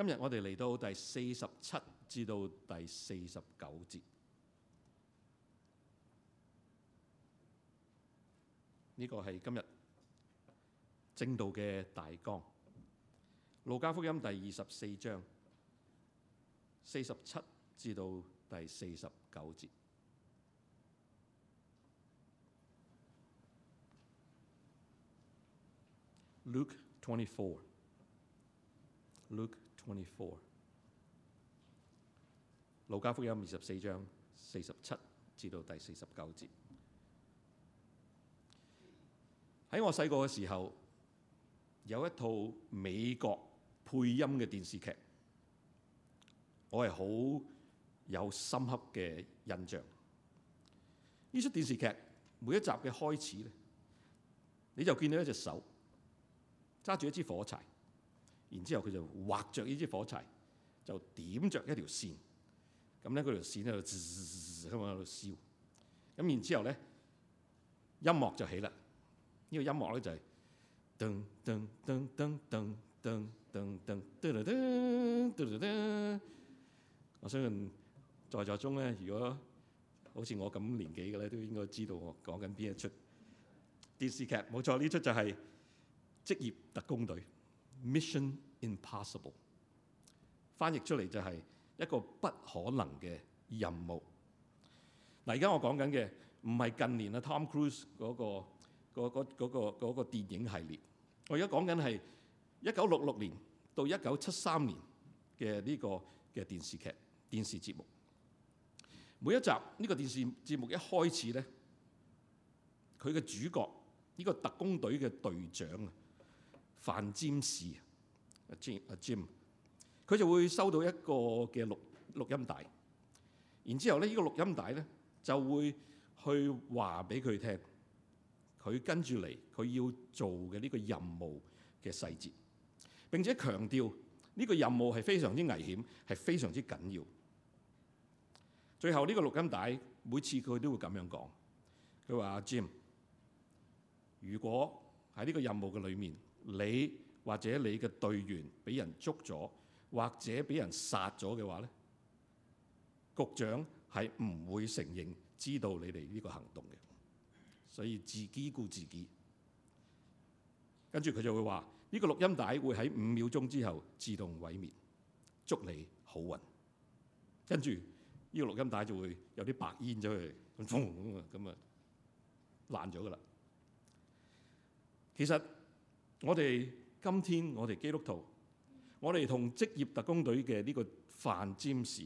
今日我哋嚟到第四十七至到第四十九節，呢個係今日正道嘅大綱，《路加福音》第二十四章四十七至到第四十九節。Luke twenty four. Luke 二四，路加福音二十四章四十七至到第四十九節。喺我細個嘅時候，有一套美國配音嘅電視劇，我係好有深刻嘅印象。呢出電視劇每一集嘅開始咧，你就見到一隻手揸住一支火柴。然之後佢就畫着呢支火柴，就點着一條線，咁咧嗰條線咧就嗞嗞喺度喺度燒，咁然之後咧音樂就起啦。呢、這個音樂咧就噔噔噔噔噔噔噔噔噔噔噔噔，我相信在座中咧，如果好似我咁年紀嘅咧，都應該知道我講緊邊一出電視劇，冇錯，呢出就係《職業特工隊》Mission。Impossible，翻譯出嚟就係一個不可能嘅任務。嗱，而家我講緊嘅唔係近年啊，Tom Cruise、嗰個、嗰個、嗰個嗰個電影系列。我而家講緊係一九六六年到一九七三年嘅呢個嘅電視劇電視節目。每一集呢、呢個電視節目一開始咧，佢嘅主角呢、呢個特工隊嘅隊長啊，范占姆士。阿 Jim，佢就會收到一個嘅錄錄音帶，然之後咧，依個錄音帶咧就會去話俾佢聽，佢跟住嚟佢要做嘅呢個任務嘅細節，並且強調呢個任務係非常之危險，係非常之緊要。最後呢個錄音帶每次佢都會咁樣講，佢話：阿 Jim，如果喺呢個任務嘅裏面你或者你嘅隊員俾人捉咗，或者俾人殺咗嘅話咧，局長係唔會承認知道你哋呢個行動嘅，所以自己顧自己。跟住佢就會話：呢個錄音帶會喺五秒鐘之後自動毀滅，祝你好運。跟住呢個錄音帶就會有啲白煙咗去咁咁啊，爛咗噶啦。其實我哋今天我哋基督徒，我哋同職業特工隊嘅呢個范占士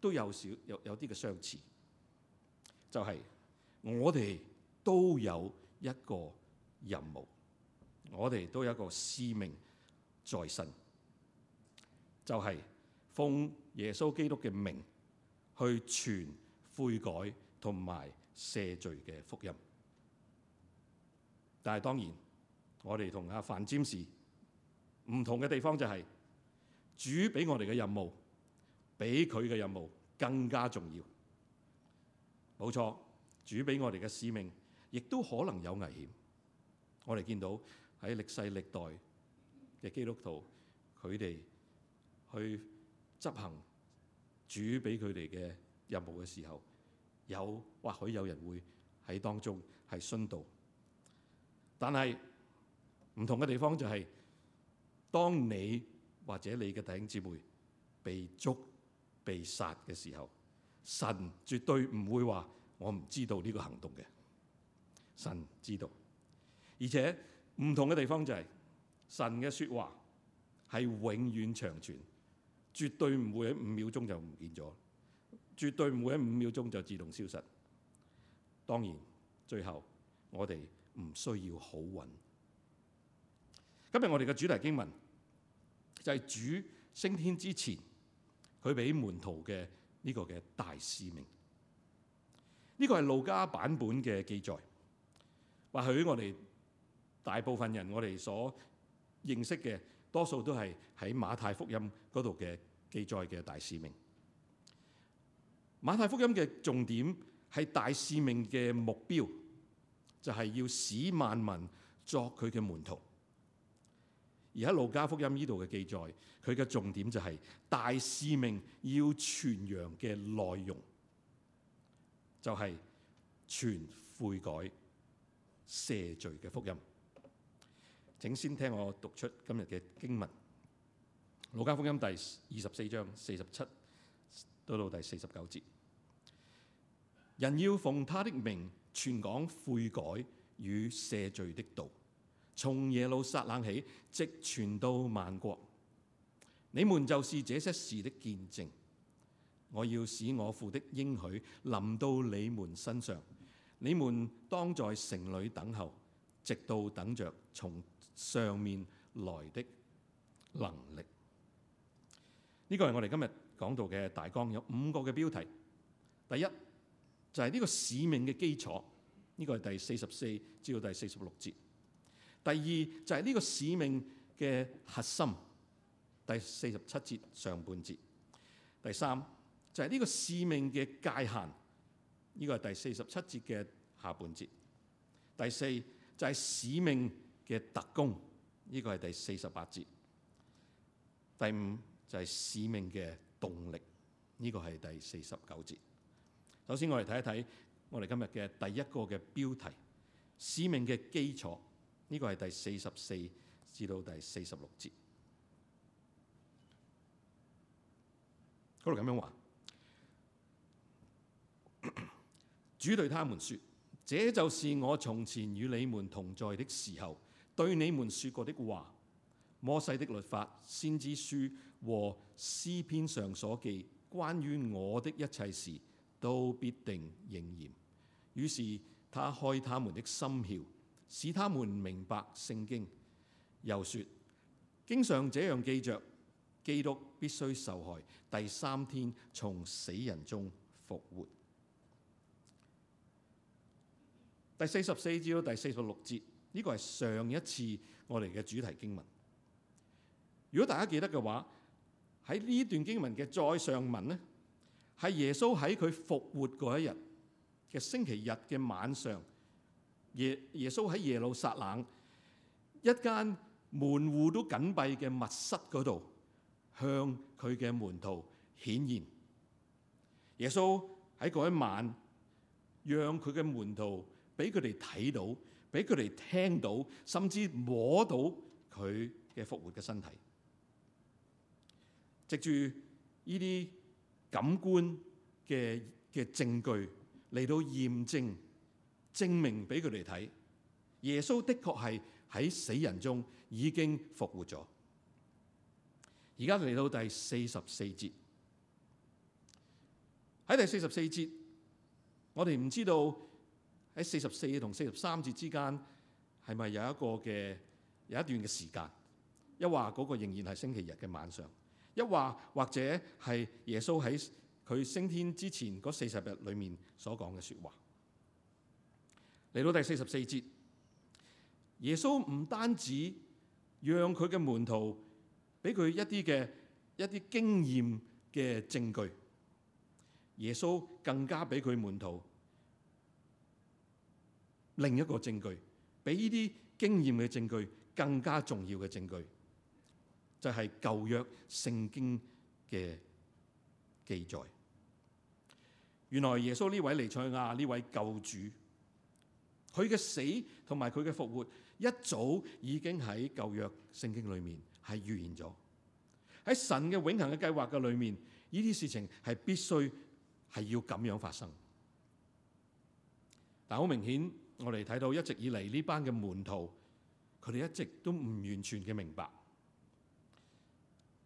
都有少有有啲嘅相似，就係我哋都有一個任務，我哋都有一個使命在身，就係奉耶穌基督嘅名去傳悔改同埋赦罪嘅福音。但係當然，我哋同阿范占士唔同嘅地方就係、是，主俾我哋嘅任務，比佢嘅任務更加重要。冇錯，主俾我哋嘅使命，亦都可能有危險。我哋見到喺歷世歷代嘅基督徒，佢哋去執行主俾佢哋嘅任務嘅時候，有或許有人會喺當中係殉道。但係唔同嘅地方就係、是。當你或者你嘅弟兄姊妹被捉、被殺嘅時候，神絕對唔會話我唔知道呢個行動嘅，神知道。而且唔同嘅地方就係，神嘅説話係永遠長存，絕對唔會喺五秒鐘就唔見咗，絕對唔會喺五秒鐘就自動消失。當然，最後我哋唔需要好運。今日我哋嘅主題經文。就係、是、主升天之前，佢俾門徒嘅呢個嘅大使命。呢個係路加版本嘅記載。或許我哋大部分人我哋所認識嘅多數都係喺馬太福音嗰度嘅記載嘅大使命。馬太福音嘅重點係大使命嘅目標，就係、是、要使萬民作佢嘅門徒。而喺路加福音呢度嘅記載，佢嘅重點就係大使命要傳揚嘅內容，就係、是、傳悔改、赦罪嘅福音。請先聽我讀出今日嘅經文：路加福音第二十四章四十七到到第四十九節，人要奉他的名傳講悔改與赦罪的道。從耶路撒冷起，直傳到萬國，你們就是這些事的見證。我要使我父的應許臨到你們身上，你們當在城裏等候，直到等着從上面來的能力。呢個係我哋今日講到嘅大綱，有五個嘅標題。第一就係呢個使命嘅基礎，呢個係第四十四至到第四十六節。第二就係呢個使命嘅核心，第四十七節上半節。第三就係呢個使命嘅界限，呢個係第四十七節嘅下半節。第四就係使命嘅特工，呢個係第四十八節。第五就係使命嘅動力，呢個係第四十九節。首先，我哋睇一睇我哋今日嘅第一個嘅標題：使命嘅基礎。呢個係第四十四至到第四十六節，嗰度咁樣話：主對他們說，這就是我從前與你們同在的時候，對你們說過的話。摩西的律法、先知書和詩篇上所記關於我的一切事，都必定應驗。於是他開他們的心竅。使他們明白聖經。又説：經上這樣記着：「基督必須受害，第三天從死人中復活。第四十四至到第四十六節，呢個係上一次我哋嘅主題經文。如果大家記得嘅話，喺呢段經文嘅再上文呢，係耶穌喺佢復活嗰一日嘅星期日嘅晚上。耶耶穌喺耶路撒冷一間門戶都緊閉嘅密室嗰度，向佢嘅門徒顯現。耶穌喺嗰一晚，讓佢嘅門徒俾佢哋睇到，俾佢哋聽到，甚至摸到佢嘅復活嘅身體。藉住呢啲感官嘅嘅證據嚟到驗證。證明俾佢哋睇，耶穌的確係喺死人中已經復活咗。而家嚟到第四十四節，喺第四十四節，我哋唔知道喺四十四同四十三節之間係咪有一個嘅有一段嘅時間，一話嗰個仍然係星期日嘅晚上，一話或者係耶穌喺佢升天之前嗰四十日裏面所講嘅說話。嚟到第四十四節，耶穌唔單止讓佢嘅門徒俾佢一啲嘅一啲經驗嘅證據，耶穌更加俾佢門徒另一個證據，比呢啲經驗嘅證據更加重要嘅證據，就係、是、舊約聖經嘅記載。原來耶穌呢位彌賽亞呢位救主。佢嘅死同埋佢嘅復活一早已經喺舊約聖經裏面係預言咗，喺神嘅永恒嘅計劃嘅裏面，呢啲事情係必須係要咁樣發生。但好明顯，我哋睇到一直以嚟呢班嘅門徒，佢哋一直都唔完全嘅明白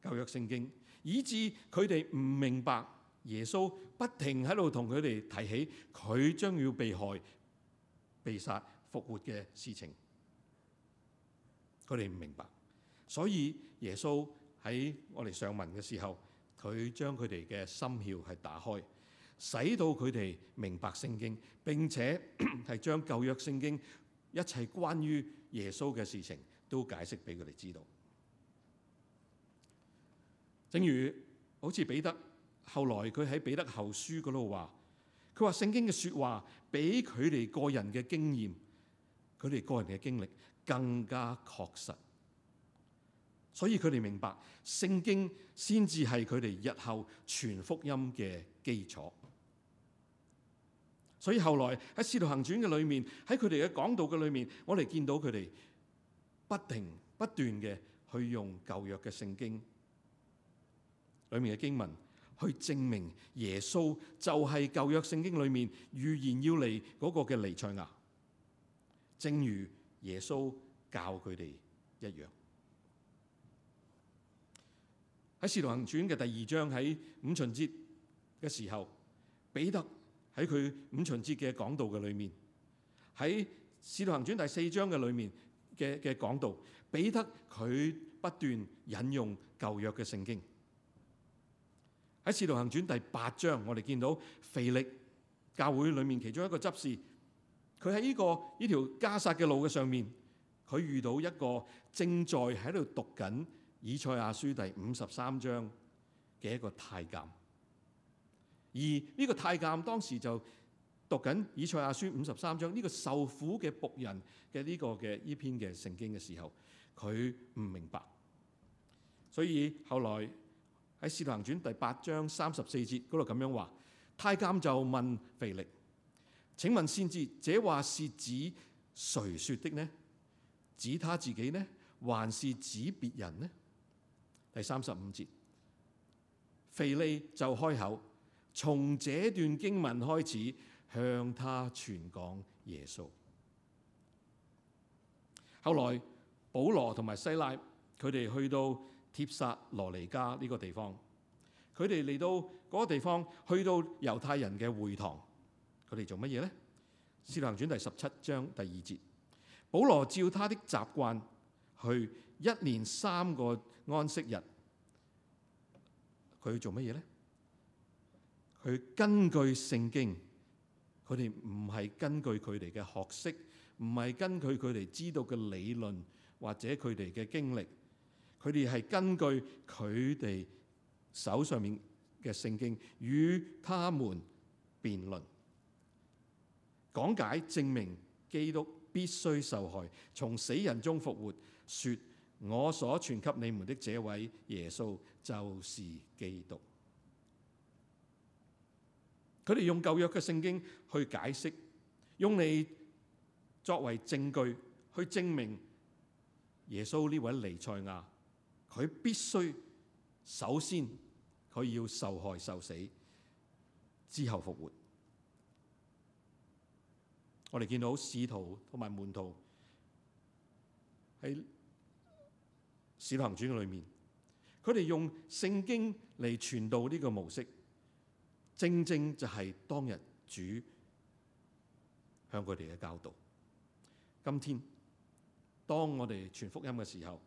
舊約聖經，以致佢哋唔明白耶穌不停喺度同佢哋提起佢將要被害。被殺復活嘅事情，佢哋唔明白，所以耶穌喺我哋上文嘅時候，佢將佢哋嘅心竅係打開，使到佢哋明白聖經，並且係將舊約聖經一切關於耶穌嘅事情都解釋俾佢哋知道。正如好似彼得，後來佢喺彼得後書嗰度話。佢話聖經嘅説話比佢哋個人嘅經驗，佢哋個人嘅經歷更加確實，所以佢哋明白聖經先至係佢哋日後傳福音嘅基礎。所以後來喺《使徒行傳》嘅裏面，喺佢哋嘅講道嘅裏面，我哋見到佢哋不停不斷嘅去用舊約嘅聖經裏面嘅經文，去證明耶穌就係舊約聖經裏面預言要嚟嗰個嘅彌賽亞，正如耶穌教佢哋一樣。喺《使徒行傳》嘅第二章，喺五旬節嘅時候，彼得喺佢五旬節嘅講道嘅裏面，喺《使徒行傳》第四章嘅裏面嘅嘅講道，彼得佢不斷引用舊約嘅聖經。喺《使徒行傳》第八章，我哋見到腓力教會裏面其中一個執事，佢喺呢個呢條加撒嘅路嘅上面，佢遇到一個正在喺度讀緊以賽亞書第五十三章嘅一個太監。而呢個太監當時就讀緊以賽亞書五十三章呢個受苦嘅僕人嘅呢個嘅呢篇嘅聖經嘅時候，佢唔明白，所以後來。喺《使徒行傳》第八章三十四節嗰度咁樣話，太監就問腓力：請問先知，這話是指誰說的呢？指他自己呢，還是指別人呢？第三十五節，腓力就開口，從這段經文開始向他傳講耶穌。後來，保羅同埋西拉，佢哋去到。帖撒羅尼加呢個地方，佢哋嚟到嗰個地方，去到猶太人嘅會堂，佢哋做乜嘢呢？使徒行傳》第十七章第二節，保羅照他的習慣去一年三個安息日，佢做乜嘢呢？佢根據聖經，佢哋唔係根據佢哋嘅學識，唔係根據佢哋知道嘅理論或者佢哋嘅經歷。佢哋係根據佢哋手上面嘅聖經，與他們辯論、講解、證明基督必須受害、從死人中復活，說我所傳給你們的這位耶穌就是基督。佢哋用舊約嘅聖經去解釋，用嚟作為證據去證明耶穌呢位彌賽亞。佢必須首先佢要受害受死，之後復活。我哋見到使徒同埋門徒喺《使徒行傳》裏面，佢哋用聖經嚟傳道呢個模式，正正就係當日主向佢哋嘅教導。今天當我哋傳福音嘅時候，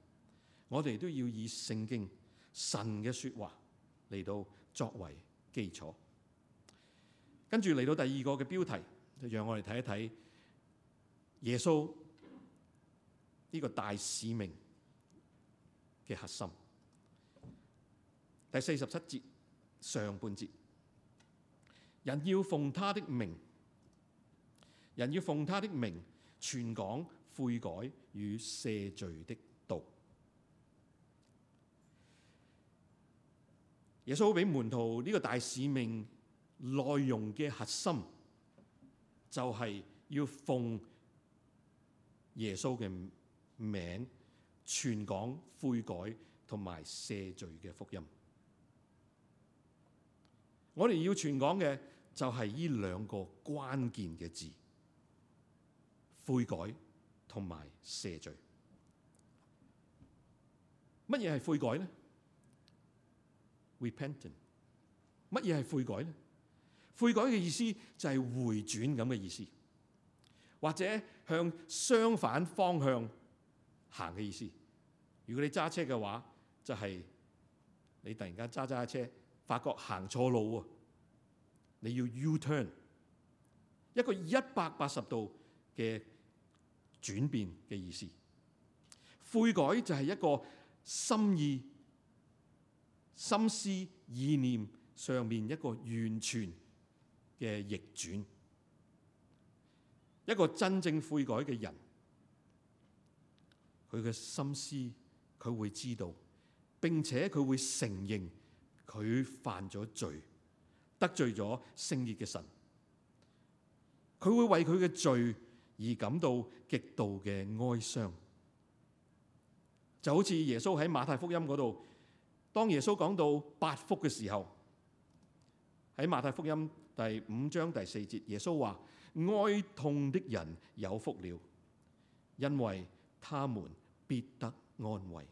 我哋都要以聖經神嘅說話嚟到作為基礎，跟住嚟到第二個嘅標題，就讓我哋睇一睇耶穌呢個大使命嘅核心。第四十七節上半節，人要奉他的名，人要奉他的名，傳講悔改與赦罪的道。耶穌俾門徒呢個大使命內容嘅核心，就係、是、要奉耶穌嘅名，傳講悔改同埋赦罪嘅福音。我哋要傳講嘅就係呢兩個關鍵嘅字：悔改同埋赦罪。乜嘢係悔改咧？Repentant, 悔改，乜嘢係悔改呢？悔改嘅意思就係回轉咁嘅意思，或者向相反方向行嘅意思。如果你揸車嘅話，就係、是、你突然間揸揸下車，發覺行錯路啊！你要 U-turn，一個一百八十度嘅轉變嘅意思。悔改就係一個心意。心思意念上面一個完全嘅逆轉，一個真正悔改嘅人，佢嘅心思佢會知道，並且佢會承認佢犯咗罪，得罪咗聖潔嘅神，佢會為佢嘅罪而感到極度嘅哀傷，就好似耶穌喺馬太福音嗰度。當耶穌講到八福嘅時候，喺馬太福音第五章第四節，耶穌話：哀痛的人有福了，因為他們必得安慰。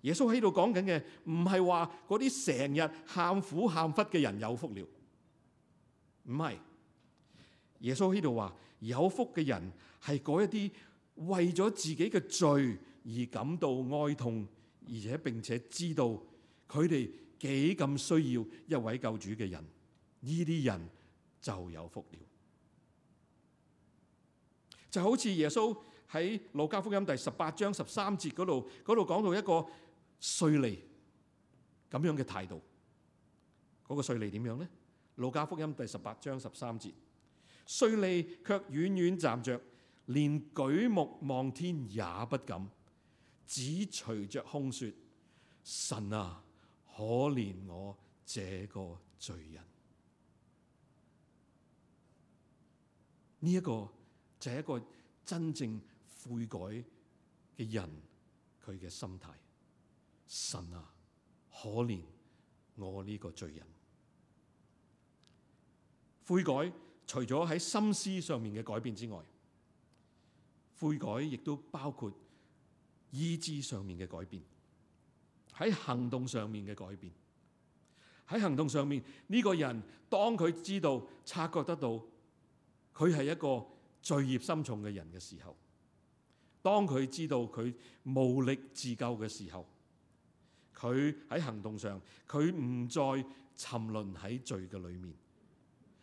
耶穌喺度講緊嘅唔係話嗰啲成日喊苦喊忽嘅人有福了，唔係。耶穌喺度話：有福嘅人係嗰一啲為咗自己嘅罪而感到哀痛。而且並且知道佢哋幾咁需要一位救主嘅人，呢啲人就有福了。就好似耶穌喺《路加福音》第十八章十三節嗰度，嗰度講到一個稅吏咁樣嘅態度。嗰、嗰個稅吏點樣咧？《路加福音》第十八章十三節稅吏卻遠遠站着，連舉目望天也不敢。只捶着胸說，神啊，可憐我這個罪人。呢、這、一個就係一個真正悔改嘅人，佢嘅心態。神啊，可憐我呢個罪人。悔改除咗喺心思上面嘅改變之外，悔改亦都包括，意志上面嘅改變，喺行動上面嘅改變。喺行動上面，呢、這個人當佢知道察覺得到佢係一個罪孽深重嘅人嘅時候，當佢知道佢無力自救嘅時候，佢喺行動上佢唔再沉淪喺罪嘅裏面，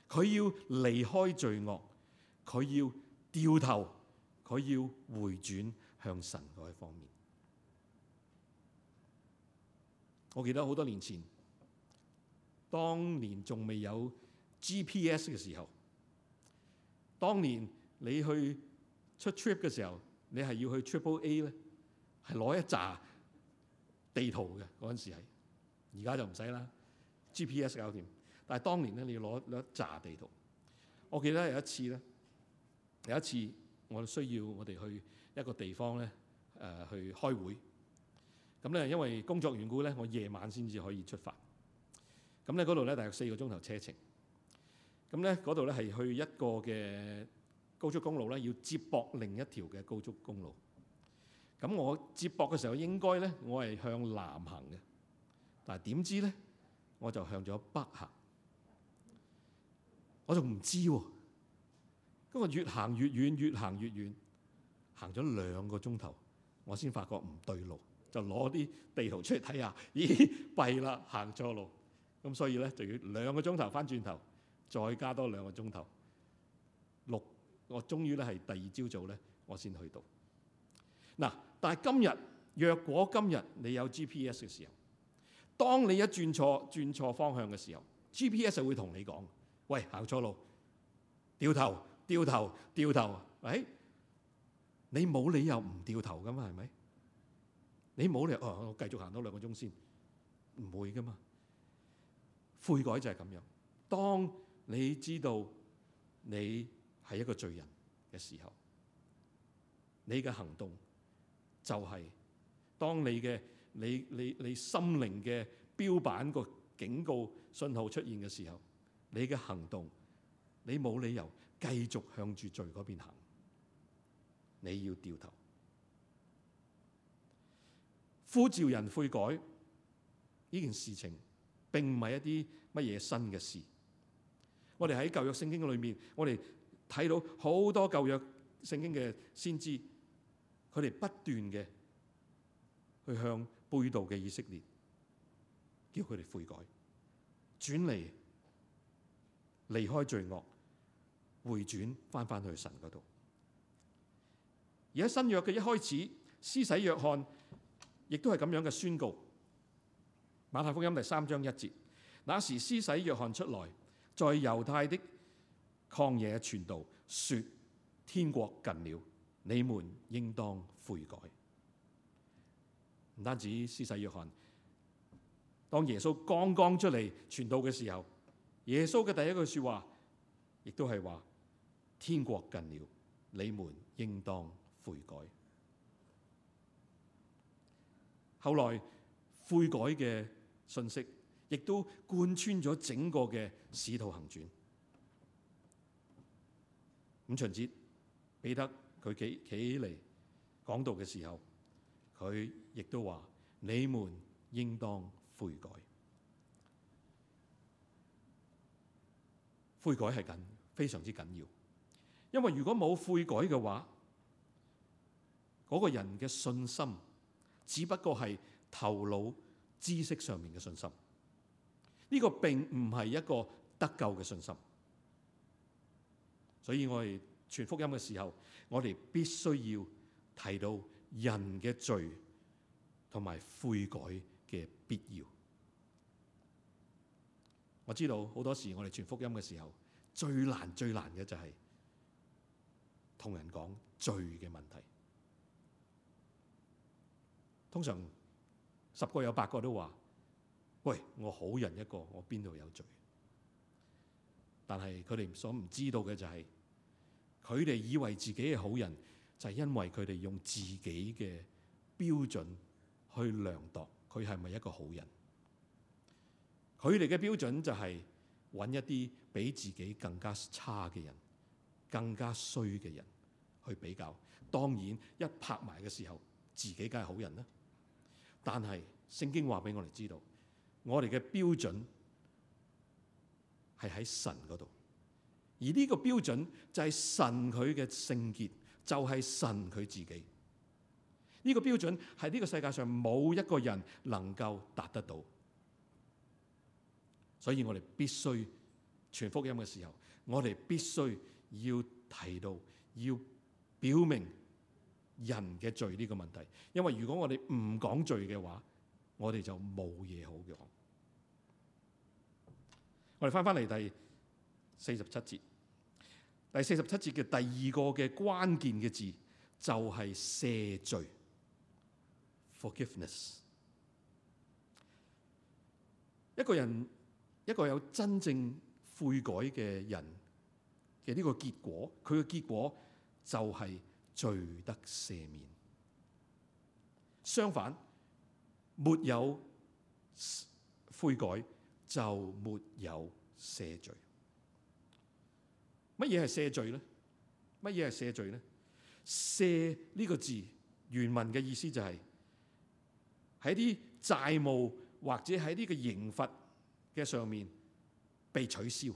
佢要離開罪惡，佢要掉頭，佢要回轉向神嗰一方面。我記得好多年前，當年仲未有 GPS 嘅時候，當年你去出 trip 嘅時候，你係要去 Triple A 咧，係攞一紮地圖嘅嗰陣時係，而家就唔使啦，GPS 搞掂。但係當年咧，你要攞攞一紮地圖。我記得有一次咧，有一次我哋需要我哋去一個地方咧，誒、呃、去開會。咁咧，因為工作緣故咧，我夜晚先至可以出發。咁咧，嗰度咧，大約四個鐘頭車程。咁咧，嗰度咧係去一個嘅高速公路咧，要接駁另一條嘅高速公路。咁我接駁嘅時候應該咧，我係向南行嘅。但係點知咧，我就向咗北行。我仲唔知喎。咁我越行越遠，越行越遠，行咗兩個鐘頭，我先發覺唔對路。就攞啲地圖出嚟睇下，咦、哎，弊啦，行錯路。咁所以咧，就要兩個鐘頭翻轉頭，再加多兩個鐘頭。六，我終於咧係第二朝早咧，我先去到。嗱，但係今日若果今日你有 GPS 嘅時候，當你一轉錯轉錯方向嘅時候，GPS 就會同你講：喂，行錯路，掉頭，掉頭，掉頭。喂、哎，你冇理由唔掉頭㗎嘛，係咪？你冇理由哦，我繼續行多兩個鐘先，唔會㗎嘛。悔改就係咁樣。當你知道你係一個罪人嘅時候，你嘅行動就係當你嘅你你你心靈嘅標板個警告信號出現嘅時候，你嘅行動，你冇理由繼續向住罪嗰邊行，你要掉頭。呼召人悔改呢件事情並唔係一啲乜嘢新嘅事。我哋喺舊約聖經嘅裏面，我哋睇到好多舊約聖經嘅先知，佢哋不斷嘅去向背道嘅以色列，叫佢哋悔改，轉嚟離開罪惡，回轉翻翻去神嗰度。而喺新約嘅一開始，施洗約翰。亦都係咁樣嘅宣告。馬太福音第三章一節，那時施洗約翰出來，在猶太的曠野傳道，說：天國近了，你們應當悔改。唔單止施洗約翰，當耶穌剛剛出嚟傳道嘅時候，耶穌嘅第一句説話，亦都係話：天國近了，你們應當悔改。後來悔改嘅信息，亦都貫穿咗整個嘅使徒行傳。五旬節、彼得佢企企起嚟講道嘅時候，佢亦都話：你們應當悔改。悔改係緊非常之緊要，因為如果冇悔改嘅話，嗰、那個人嘅信心。只不過係頭腦知識上面嘅信心，呢、這個並唔係一個得救嘅信心。所以我哋傳福音嘅時候，我哋必須要提到人嘅罪同埋悔改嘅必要。我知道好多時我哋傳福音嘅時候，最難最難嘅就係同人講罪嘅問題。通常十個有八個都話：「喂，我好人一個，我邊度有罪？但係佢哋所唔知道嘅就係，佢哋以為自己係好人，就係因為佢哋用自己嘅標準去量度佢係咪一個好人。佢哋嘅標準就係揾一啲比自己更加差嘅人、更加衰嘅人去比較。當然一拍埋嘅時候，自己梗係好人啦。但係聖經話俾我哋知道，我哋嘅標準係喺神嗰度，而呢個標準就係神佢嘅聖潔，就係、是、神佢自己。呢、這個標準係呢個世界上冇一個人能夠達得到，所以我哋必須傳福音嘅時候，我哋必須要提到，要表明，人嘅罪，呢個問題，因為如果我哋唔講罪嘅話，我哋就冇嘢好講。我哋翻翻嚟第四十七節，第四十七節嘅第二個嘅關鍵嘅字就係、是、赦罪 （forgiveness）。一個人一個有真正悔改嘅人嘅呢個結果，佢嘅結果就係、是。罪得赦免，相反，沒有悔改，就沒有赦罪。乜嘢係赦罪咧？乜嘢係赦罪咧？赦呢個字原文嘅意思就係喺啲債務，或者喺呢個刑罰嘅上面被取消，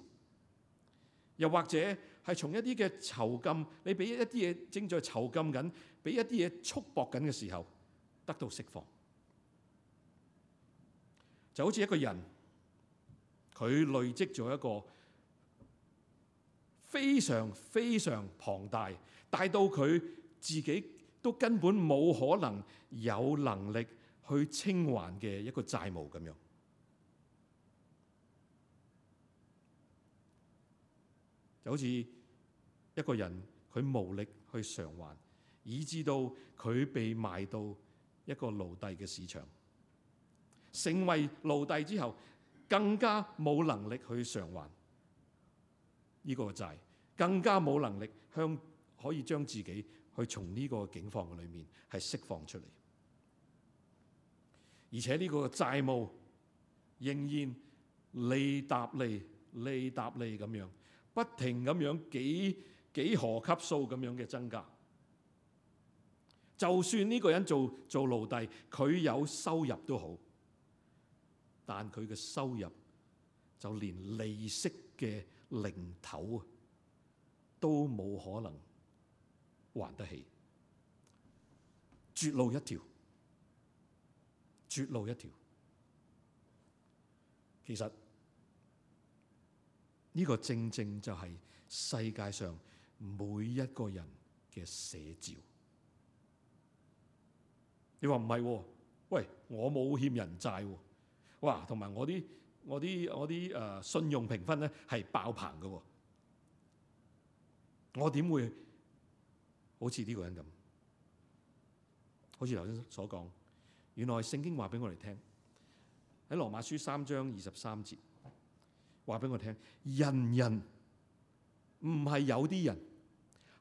又或者。係從一啲嘅囚禁，你俾一啲嘢正在囚禁緊，俾一啲嘢束縛緊嘅時候，得到釋放，就好似一個人，佢累積咗一個非常非常龐大，大到佢自己都根本冇可能有能力去清還嘅一個債務咁樣，就好似。一個人佢無力去償還，以至到佢被賣到一個奴隸嘅市場，成為奴隸之後更加冇能力去償還呢個債，更加冇能力向可以將自己去從呢個境況嘅裏面係釋放出嚟，而且呢個債務仍然利疊利利疊利咁樣，不停咁樣幾。幾何級數咁樣嘅增加，就算呢個人做做奴隸，佢有收入都好，但佢嘅收入就連利息嘅零頭啊，都冇可能還得起，絕路一條，絕路一條。其實呢、這個正正就係世界上，每一個人嘅寫照，你話唔係？喂，我冇欠人債喎，哇！同埋我啲我啲我啲誒信用評分咧係爆棚嘅喎，我點會好似呢個人咁？好似頭先所講，原來聖經話俾我哋聽喺羅馬書三章二十三節，話俾我聽，人人。唔係有啲人，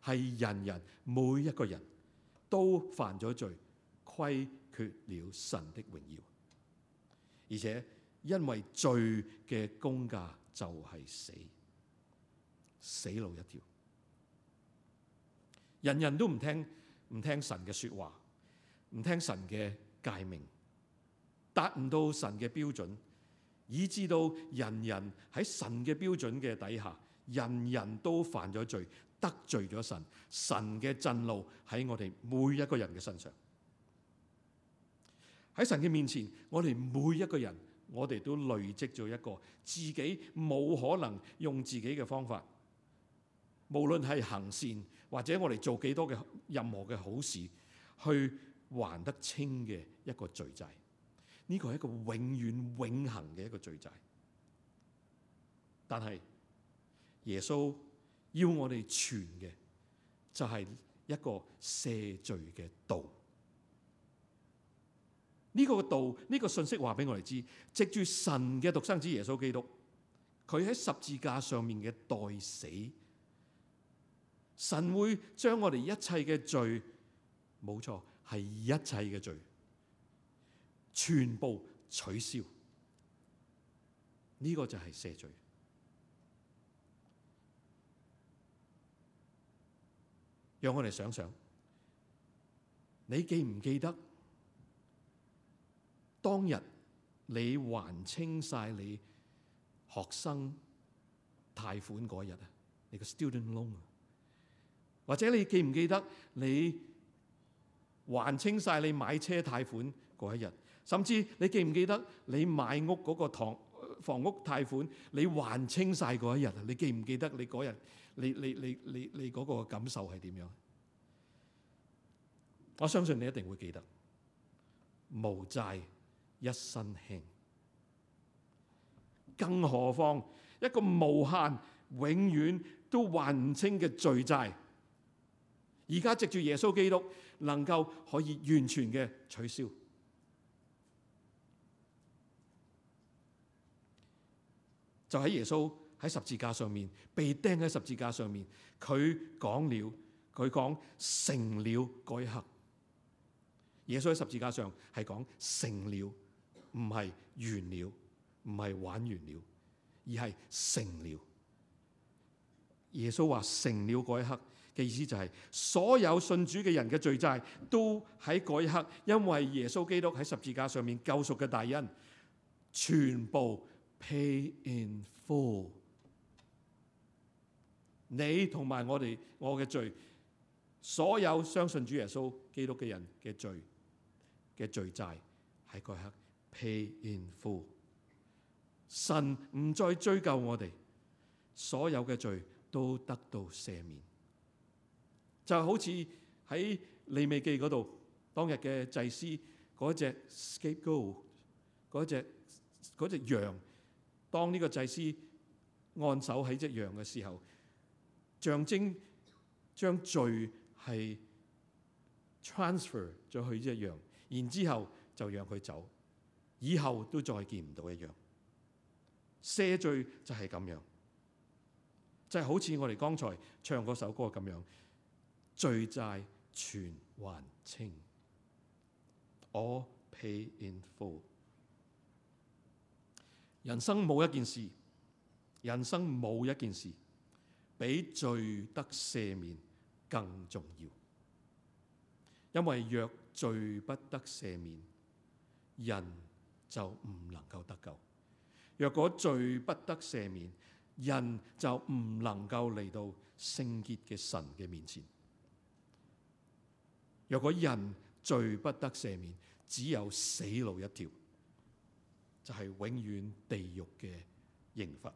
係人人每一個人都犯咗罪，虧缺了神的榮耀，而且因為罪嘅工價就係死，死路一條。人人都唔聽唔聽神嘅説話，唔聽神嘅誡命，達唔到神嘅標準，以致到人人喺神嘅標準嘅底下。人人都犯咗罪，得罪咗神，神嘅震怒喺我哋每一個人嘅身上。喺神嘅面前，我哋每一個人，我哋都累積咗一個自己冇可能用自己嘅方法，無論係行善或者我哋做幾多嘅任何嘅好事，去還得清嘅一個罪債。呢個係一個永遠永恆嘅一個罪債，但係。耶穌要我哋傳嘅就係、是、一個赦罪嘅道。呢、這個道呢、這個信息話俾我哋知，藉住神嘅獨生子耶穌基督，佢喺十字架上面嘅代死，神會將我哋一切嘅罪，冇錯，係一切嘅罪，全部取消。呢、這個就係赦罪。讓我哋想想，你記唔記得當日你還清晒你學生貸款嗰日啊？你個 student loan 啊？或者你記唔記得你還清晒你買車貸款嗰一日？甚至你記唔記得你買屋嗰個房房屋貸款，你還清晒嗰一日啊？你記唔記得你嗰日？你你你你你嗰個感受係點樣？我相信你一定會記得，無債一身輕。更何況一個無限、永遠都還唔清嘅罪債，而家藉住耶穌基督能夠可以完全嘅取消，就喺耶穌。喺十字架上面被釘喺十字架上面，佢講了，佢講成了嗰一刻。耶穌喺十字架上係講成了，唔係完了，唔係玩完了，而係成了。耶穌話成了嗰一刻嘅意思就係、是、所有信主嘅人嘅罪債都喺嗰一刻，因為耶穌基督喺十字架上面救贖嘅大恩，全部 pay in full。你同埋我哋，我嘅罪，所有相信主耶穌基督嘅人嘅罪嘅罪債，係嗰刻 pay in full。神唔再追究我哋，所有嘅罪都得到赦免。就好似喺利未記嗰度，當日嘅祭司嗰隻 scapegoat，嗰隻嗰隻羊，當呢個祭司按手喺隻羊嘅時候。象徵將罪係 transfer 咗去一樣，然之後就讓佢走，以後都再見唔到一樣。赦罪就係咁樣，就係好似我哋剛才唱嗰首歌咁樣，罪債全還清，All pay in full。人生冇一件事，人生冇一件事。比罪得赦免更重要，因為若罪不得赦免，人就唔能夠得救；若果罪不得赦免，人就唔能夠嚟到聖潔嘅神嘅面前；若果人罪不得赦免，只有死路一條，就係、是、永遠地獄嘅刑罰。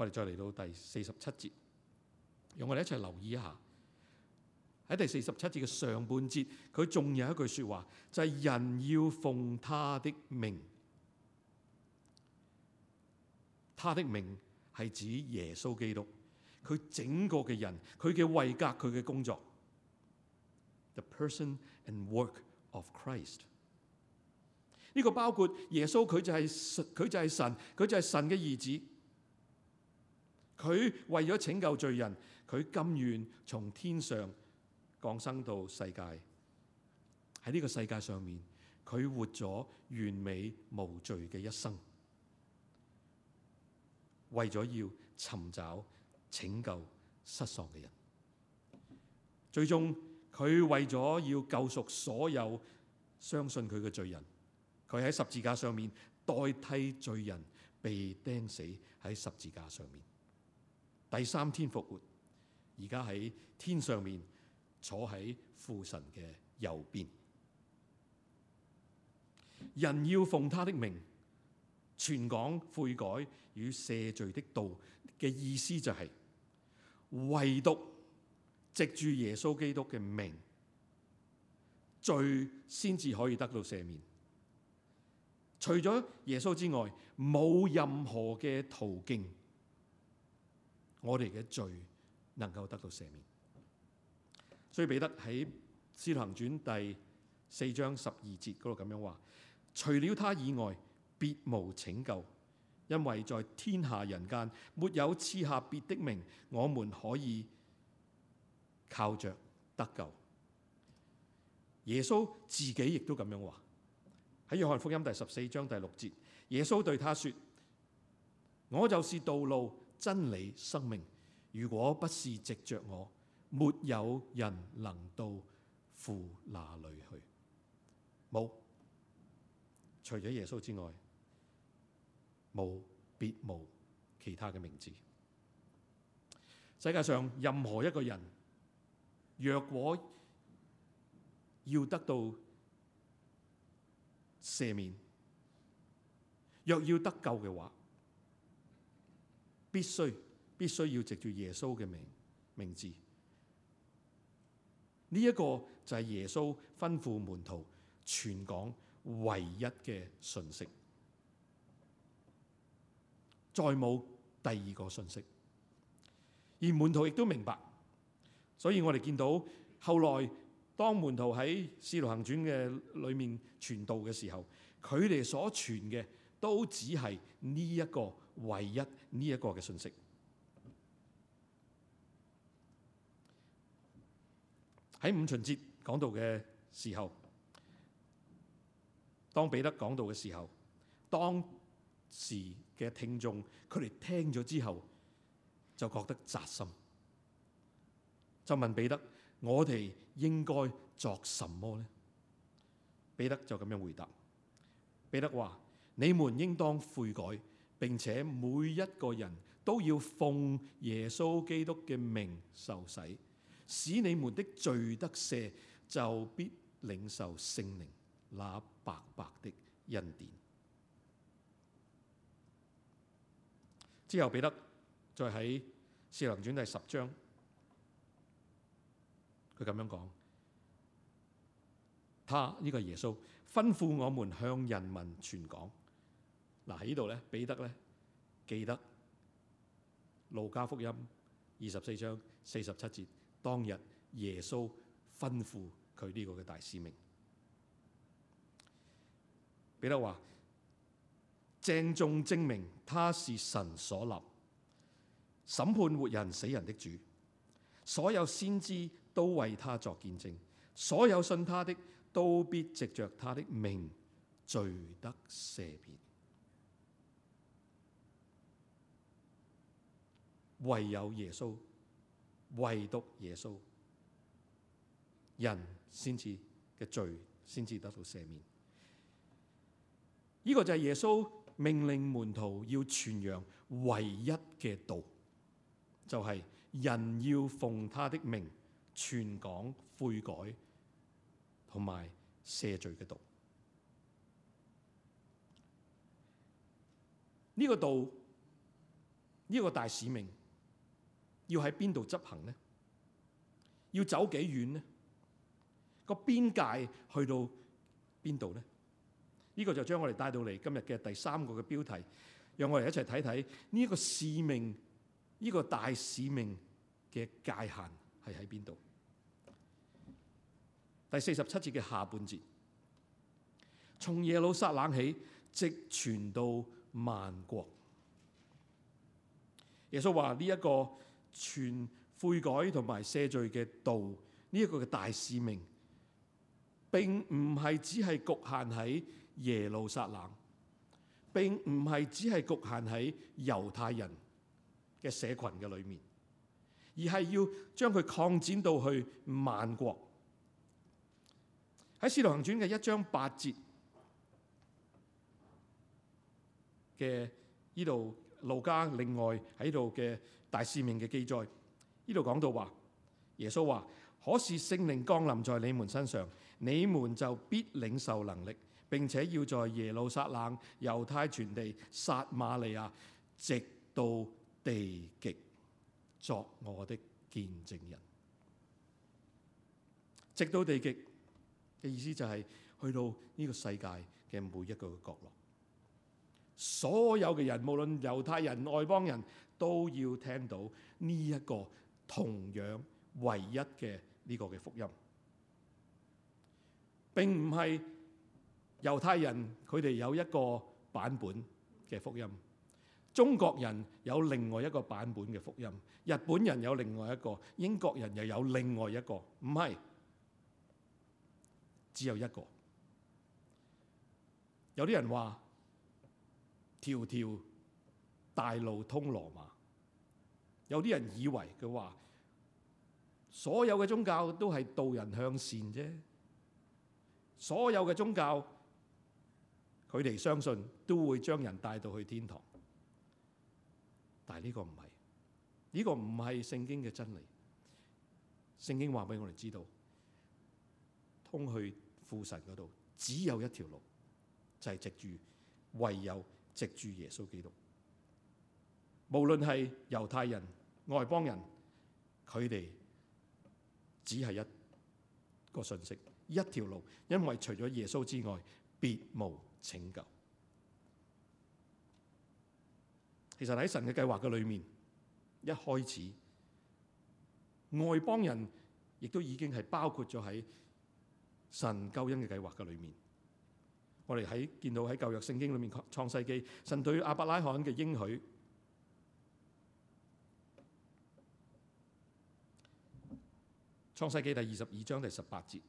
我哋再嚟到第四十七節，讓我哋一齊留意一下。喺第四十七節嘅上半節，佢仲有一句說話，就係人要奉他的名。他的名係指耶穌基督，佢整個嘅人，佢嘅位格，佢嘅工作。The person and work of Christ。呢個包括耶穌，佢就係神，佢就係神，佢就係神嘅兒子。佢為咗拯救罪人，佢甘願從天上降生到世界。喺呢個世界上面，佢活咗完美無罪嘅一生，為咗要尋找拯救失喪嘅人。最終，佢為咗要救贖所有相信佢嘅罪人，佢喺十字架上面代替罪人，被釘死喺十字架上面。第三天復活，而家喺天上面坐喺父神嘅右邊。人要奉他的名，傳講悔改與赦罪的道嘅意思就係、是，唯獨藉住耶穌基督嘅名，罪先至可以得到赦免。除咗耶穌之外，冇任何嘅途徑。我哋嘅罪能夠得到赦免，所以彼得喺《使徒行傳》第四章十二節嗰度咁樣話：除了他以外，別無拯救，因為在天下人間沒有賜下別的名，我們可以靠着得救。耶穌自己亦都咁樣話，喺《約翰福音》第十四章第六節，耶穌對他說：我就是道路。真理、生命，如果不是藉着我，沒有人能到父那裏去。冇，除咗耶穌之外，冇別無其他嘅名字。世界上任何一個人，若果要得到赦免，若要得救嘅話。必須必須要藉住耶穌嘅名名字，呢一個就係耶穌吩咐門徒全港唯一嘅信息，再冇第二個信息。而門徒亦都明白，所以我哋見到後來當門徒喺《使徒行傳》嘅裏面傳道嘅時候，佢哋所傳嘅都只係呢一個唯一。呢一個嘅信息喺五旬節講到嘅時候，當彼得講到嘅時候，當時嘅聽眾佢哋聽咗之後就覺得扎心，就問彼得：我哋應該作什麼呢？彼得就咁樣回答：彼得話：你們應當悔改。並且每一個人都要奉耶穌基督嘅名受洗，使你們的罪得赦，就必領受聖靈那白白的恩典。之後，彼得再喺使徒行傳第十章，佢咁樣講：他呢、這個耶穌吩咐我們向人民傳講。嗱，喺呢度咧，彼得咧記得路加福音二十四章四十七節。當日耶穌吩咐佢呢個嘅大使命，彼得話：鄭重證明他是神所立、審判活人死人的主，所有先知都為他作見證，所有信他的都必藉着他的名，罪得赦免。唯有耶穌，唯獨耶穌，人先至嘅罪先至得到赦免。呢、這個就係耶穌命令門徒要傳揚唯一嘅道，就係、是、人要奉他的命傳講悔改同埋赦罪嘅道。呢、這個道，呢、這個大使命。要喺邊度執行呢？要走幾遠呢？個邊界去到邊度呢？呢、這個就將我哋帶到嚟今日嘅第三個嘅標題，讓我哋一齊睇睇呢一個使命，呢、這個大使命嘅界限係喺邊度？第四十七節嘅下半節，從耶路撒冷起，直傳到萬國。耶穌話呢一個。傳悔改同埋赦罪嘅道，呢一、這個嘅大使命，並唔係只係局限喺耶路撒冷，並唔係只係局限喺猶太人嘅社群嘅裏面，而係要將佢擴展到去萬國。喺《使徒行傳》嘅一章八節嘅呢度，路加另外喺度嘅。大使命嘅記載，呢度講到話，耶穌話：可是聖靈降臨在你們身上，你們就必領受能力，並且要在耶路撒冷、猶太全地、撒瑪利亞，直到地極，作我的見證人。直到地極嘅意思就係、是、去到呢個世界嘅每一個角落，所有嘅人，無論猶太人、外邦人。都要聽到呢一個同樣唯一嘅呢個嘅福音，並唔係猶太人佢哋有一個版本嘅福音，中國人有另外一個版本嘅福音，日本人有另外一個，英國人又有另外一個，唔係，只有一個。有啲人話條條大路通羅馬，有啲人以為佢話所有嘅宗教都係導人向善啫，所有嘅宗教佢哋相信都會將人帶到去天堂，但係呢個唔係，呢、呢個唔係聖經嘅真理。聖經話俾我哋知道，通去父神嗰度只有一條路，就係藉住唯有藉住耶穌基督。無論係猶太人、外邦人，佢哋只係一個信息，一條路，因為除咗耶穌之外，別無拯救。其實喺神嘅計劃嘅裏面，一開始外邦人亦都已經係包括咗喺神救恩嘅計劃嘅裏面。我哋喺見到喺舊約聖經裏面創世記，神對亞伯拉罕嘅應許。創世記第二十二章第十八節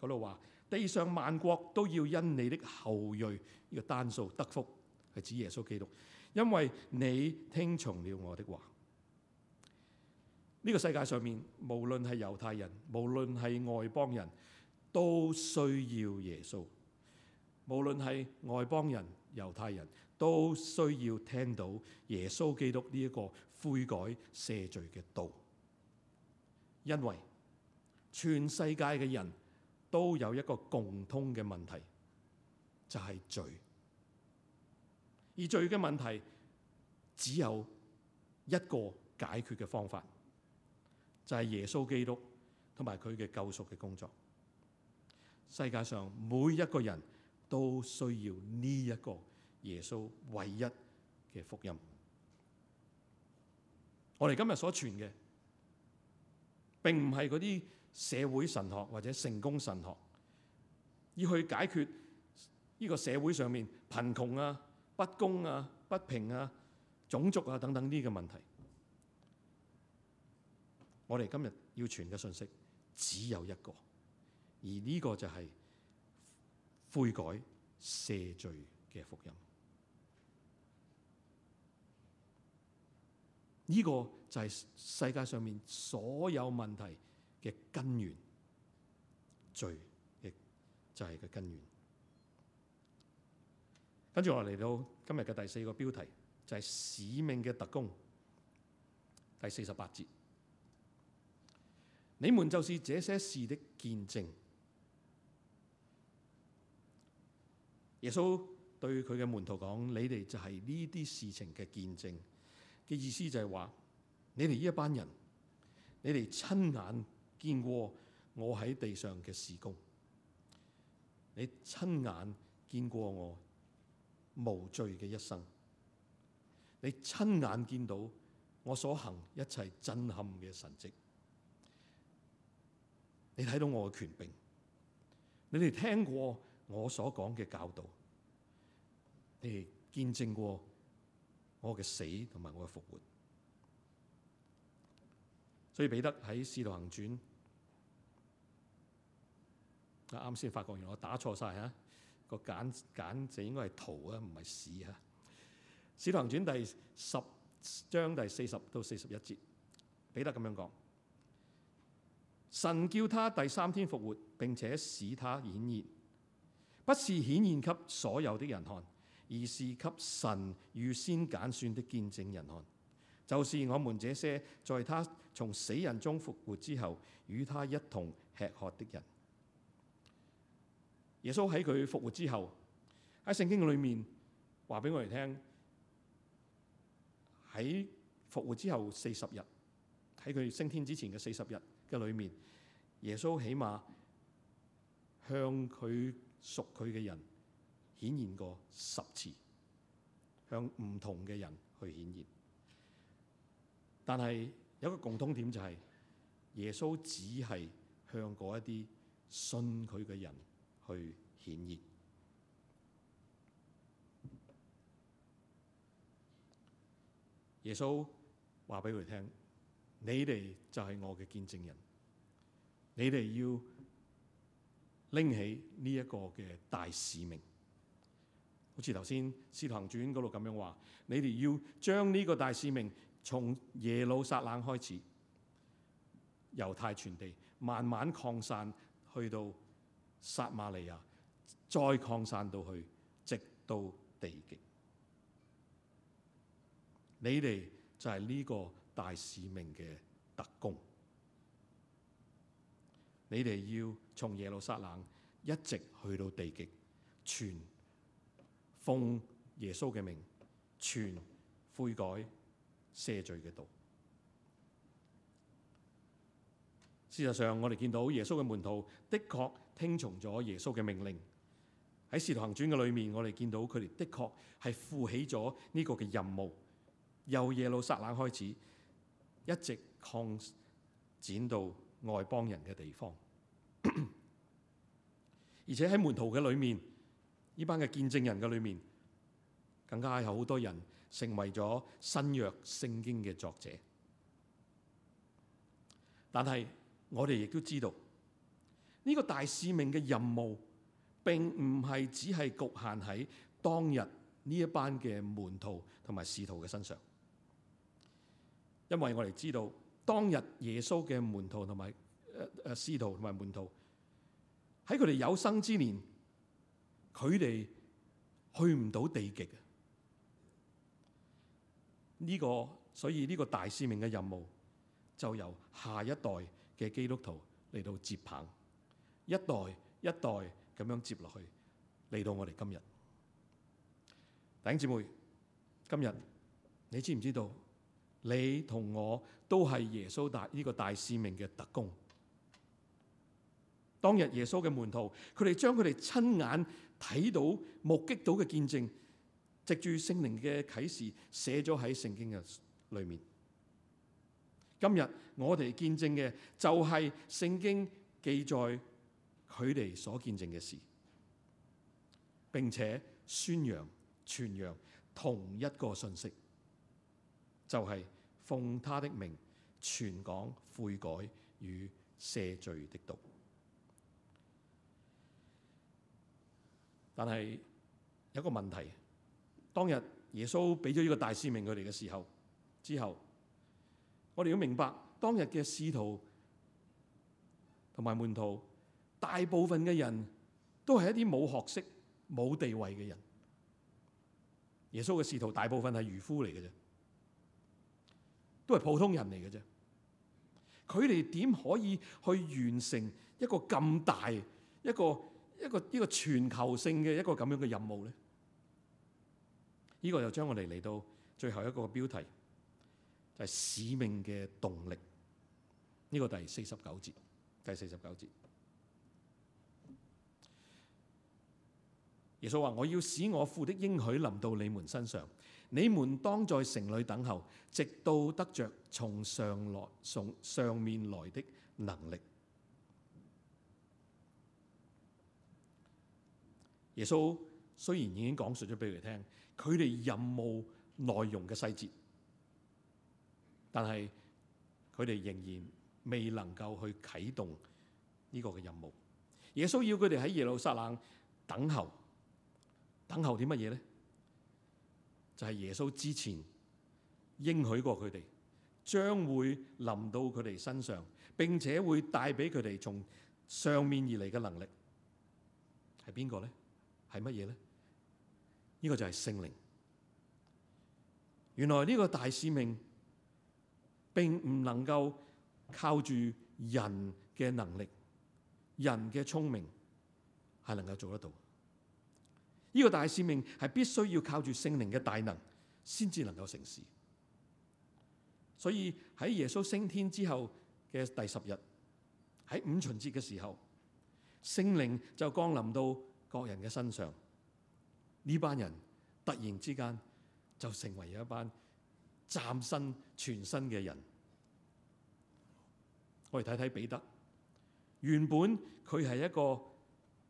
嗰度話：地上萬國都要因你的後裔呢個單數得福，係指耶穌基督，因為你聽從了我的話。呢個世界上面，無論係猶太人，無論係外邦人，都需要耶穌；無論係外邦人、猶太人都需要聽到耶穌基督呢一個悔改赦罪嘅道，因為。全世界嘅人都有一個共通嘅問題，就係罪。而罪嘅問題只有一個解決嘅方法，就係耶穌基督同埋佢嘅救贖嘅工作。世界上每一個人都需要呢一個耶穌唯一嘅福音。我哋今日所傳嘅，並唔係嗰啲。社會神學或者成功神學，要去解決呢個社會上面貧窮啊、不公啊、不平啊、種族啊等等呢個問題。我哋今日要傳嘅信息只有一個，而呢個就係悔改赦罪嘅福音。呢個就係世界上面所有問題嘅根源，罪亦就係個根源。跟住我嚟到今日嘅第四個標題就係、是、使命嘅特工。第四十八節，你們就是這些事的見證。耶穌對佢嘅門徒講：你哋就係呢啲事情嘅見證。嘅意思就係話，你哋呢一班人，你哋親眼。見過我喺地上嘅事工，你親眼見過我無罪嘅一生，你親眼見到我所行一切震撼嘅神跡，你睇到我嘅權柄，你哋聽過我所講嘅教導，你哋見證過我嘅死同埋我嘅復活，所以彼得喺《使徒行傳》。啱先發覺，原來我打錯晒。嚇個簡簡直應該係圖啊，唔係史啊。《使徒行傳》第十章第四十到四十一節，彼得咁樣講：神叫他第三天復活，並且使他顯現，不是顯現給所有的人看，而是給神預先揀選的見證人看，就是我們這些在他從死人中復活之後，與他一同吃喝的人。耶穌喺佢復活之後，喺聖經裏面話俾我哋聽，喺復活之後四十日，喺佢升天之前嘅四十日嘅裏面，耶穌起碼向佢屬佢嘅人顯現過十次，向唔同嘅人去顯現。但係有個共通點就係，耶穌只係向嗰一啲信佢嘅人，去顯現。耶穌話俾佢聽：你哋就係我嘅見證人，你哋要拎起呢一個嘅大使命。好似頭先《使徒行傳》嗰度咁樣話，你哋要將呢個大使命從耶路撒冷開始，猶太傳地，慢慢擴散去到。撒瑪利亞再擴散到去，直到地極。你哋就係呢個大使命嘅特工。你哋要從耶路撒冷一直去到地極，全奉耶穌嘅名，傳悔改赦罪嘅道。事實上，我哋見到耶穌嘅門徒，的確，聽從咗耶穌嘅命令，喺使徒行傳嘅裏面，我哋見到佢哋的確係負起咗呢個嘅任務，由耶路撒冷開始，一直擴展到外邦人嘅地方。咳咳，而且喺門徒嘅裏面，呢班嘅見證人嘅裏面，更加有好多人成為咗新約聖經嘅作者。但係我哋亦都知道。呢、個大使命嘅任務並唔係只係局限喺當日呢一班嘅門徒同埋使徒嘅身上，因為我哋知道當日耶穌嘅門徒同埋誒誒使徒同埋門徒喺佢哋有生之年，佢哋去唔到地極啊！呢個，所以呢個大使命嘅任務就由下一代嘅基督徒嚟到接棒。一代一代咁樣接落去，嚟到我哋今日，弟兄姊妹，今日你知唔知道？你同我都係耶穌大呢個大使命嘅特工。當日耶穌嘅門徒，佢哋將佢哋親眼睇到、目擊到嘅見證，藉住聖靈嘅啟示寫咗喺聖經嘅裏面。今日我哋見證嘅就係聖經記載。佢哋所見證嘅事，並且宣揚、傳揚同一個信息，就係、是、奉他的名，傳講悔改與赦罪的道。但係有個問題，當日耶穌俾咗呢個大使命佢哋嘅時候，之後我哋要明白當日嘅使徒同埋門徒。大部分嘅人都係一啲冇學識、冇地位嘅人。耶穌嘅使徒大部分係漁夫嚟嘅啫，都係普通人嚟嘅啫。佢哋點可以去完成一個咁大一個一個呢個全球性嘅一個咁樣嘅任務咧？呢個又將我哋嚟到最後一個標題，就係使命嘅動力。呢個第四十九節，第四十九節。耶穌話：我要使我父的應許臨到你們身上，你們當在城裏等候，直到得着從上來從上面來的能力。耶穌雖然已經講述咗俾佢哋聽，佢哋任務內容嘅細節，但係佢哋仍然未能夠去啟動呢個嘅任務。耶穌要佢哋喺耶路撒冷等候。等候啲乜嘢咧？就係、係、耶穌之前應許過佢哋，將會臨到佢哋身上，並且會帶俾佢哋從上面而嚟嘅能力。係邊個咧？係乜嘢咧？呢、呢個就係聖靈。原來呢個大使命，並唔能夠靠住人嘅能力、人嘅聰明，係能夠做得到。呢、這個大使命係必須要靠住聖靈嘅大能，先至能夠成事。所以喺耶穌升天之後嘅第十日，喺五旬節嘅時候，聖靈就降臨到各人嘅身上。呢班人突然之間就成為一班嶄新全新嘅人。我哋睇睇彼得，原本佢係一個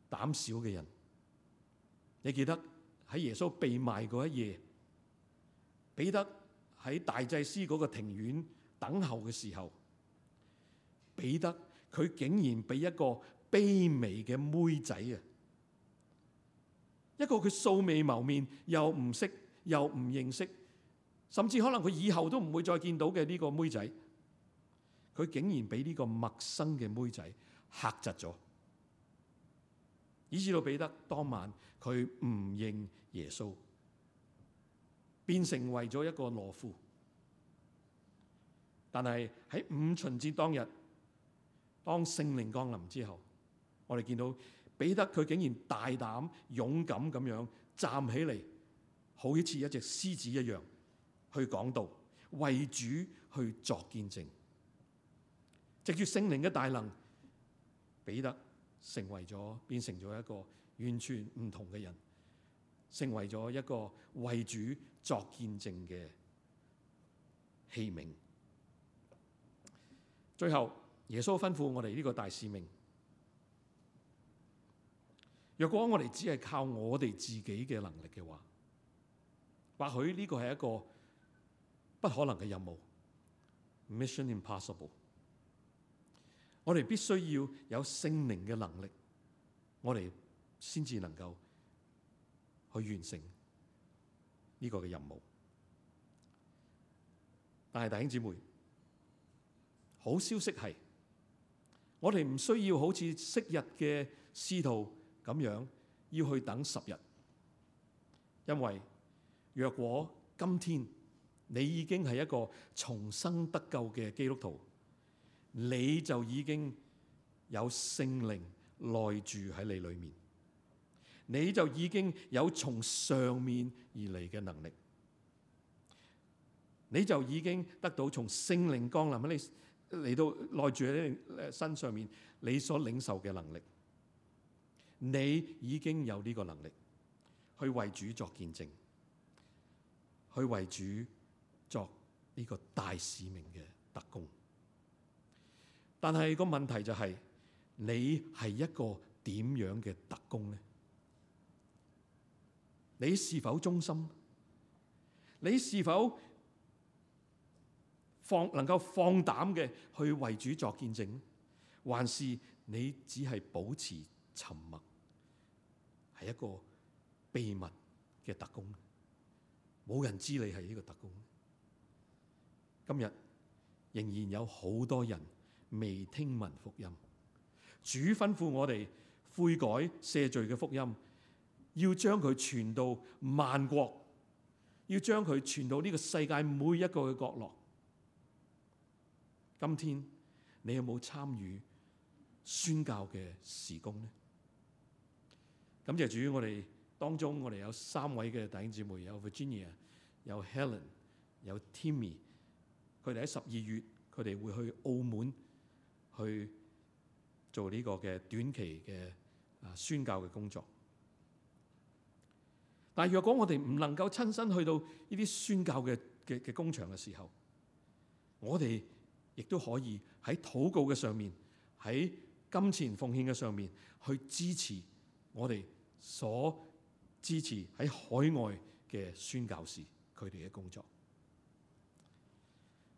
膽小嘅人。你記得喺耶穌被賣嗰一夜，彼得喺大祭司嗰個庭院等候嘅時候，彼得佢竟然俾一個卑微嘅妹仔啊，一個佢素未謀面又唔識又唔認識，甚至可能佢以後都唔會再見到嘅呢個妹仔，佢竟然俾呢個陌生嘅妹仔嚇窒咗。以至到彼得當晚，佢唔認耶穌，變成為咗一個懦夫。但係喺五旬節當日，當聖靈降臨之後，我哋見到彼得，佢竟然大膽勇敢咁樣站起嚟，好似一隻獅子一樣去講道，為主去作見證。藉住聖靈嘅大能，彼得，成為咗，變成咗一個完全唔同嘅人，成為咗一個為主作見證嘅器皿。最後，耶穌吩咐我哋呢個大使命。若果我哋只係靠我哋自己嘅能力嘅話，或許呢個係一個不可能嘅任務，Mission Impossible。我哋必須要有聖靈嘅能力，我哋先至能夠去完成呢個嘅任務。但係弟兄姊妹，好消息係，我哋唔需要好似昔日嘅使徒咁樣要去等十日，因為若果今天你已經係一個重生得救嘅基督徒。你就已經有聖靈內住喺你裏面，你就已經有從上面而嚟嘅能力，你就已經得到從聖靈降臨喺你嚟到內住喺你身上面，你所領受嘅能力，你已經有呢個能力去為主作見證，去為主作呢個大使命嘅特工。但係個問題就係，你係一個點樣嘅特工呢？你是否忠心？你是否放能夠放膽嘅去為主作見證？還是你只係保持沉默，係一個秘密嘅特工？冇人知你係呢個特工。今日仍然有好多人。未聽聞福音，主吩咐我哋悔改赦罪嘅福音，要將佢傳到萬國，要將佢傳到呢個世界每一個嘅角落。今天你有冇參與宣教嘅事工呢？感謝主，我哋當中，我哋有三位嘅弟兄姊妹，有 Virginia，有 Helen，有 Timmy，佢哋喺十二月，佢哋會去澳門。去做呢個嘅短期嘅啊宣教嘅工作。但係若果我哋唔能夠親身去到呢啲宣教嘅嘅嘅工場嘅時候，我哋亦都可以喺禱告嘅上面，喺金錢奉獻嘅上面去支持我哋所支持喺海外嘅宣教士佢哋嘅工作。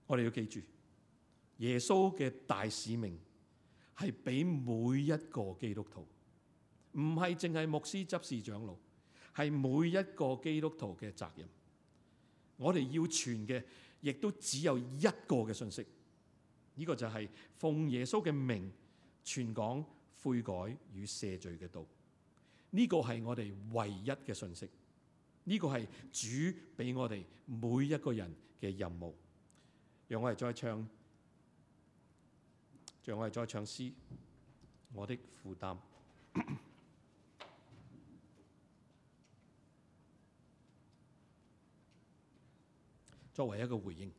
我哋要記住。耶穌嘅大使命係俾每一個基督徒，唔係淨係牧師執事長老，係每一個基督徒嘅責任。我哋要傳嘅亦都只有一個嘅信息，呢個就係奉耶穌嘅名傳講悔改與赦罪嘅道。呢個係我哋唯一嘅信息，呢個係主俾我哋每一個人嘅任務。讓我哋再唱。讓我哋再唱詩，我的負擔，作為一個回應。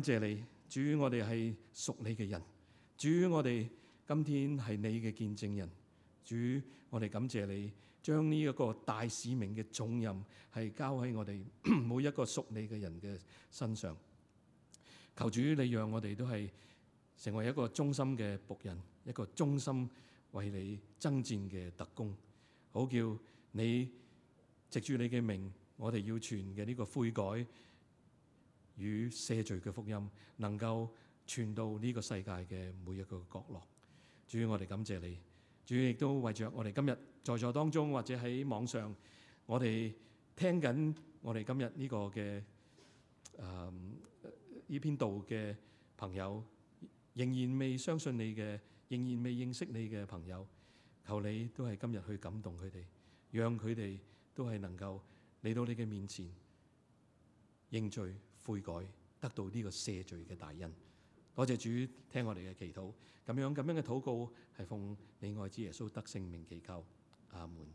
感謝你，主，我哋係屬你嘅人；主，我哋今天係你嘅見證人；主，我哋感謝你將呢一個大使命嘅重任係交喺我哋每一個屬你嘅人嘅身上。求主，你讓我哋都係成為一個忠心嘅僕人，一個忠心為你爭戰嘅特工，好叫你藉住你嘅名，我哋要傳嘅呢個悔改。與赦罪嘅福音能夠傳到呢個世界嘅每一個角落，主，我哋感謝你，主亦都為着我哋今日在座當中或者喺網上，我哋聽緊我哋今日呢個嘅誒呢篇道嘅朋友，仍然未相信你嘅，仍然未認識你嘅朋友，求你都係今日去感動佢哋，讓佢哋都係能夠嚟到你嘅面前認罪，悔改，得到呢個赦罪嘅大恩。多謝主聽我哋嘅祈禱。咁樣咁樣嘅禱告係奉你愛子耶穌得聖名祈求，阿門。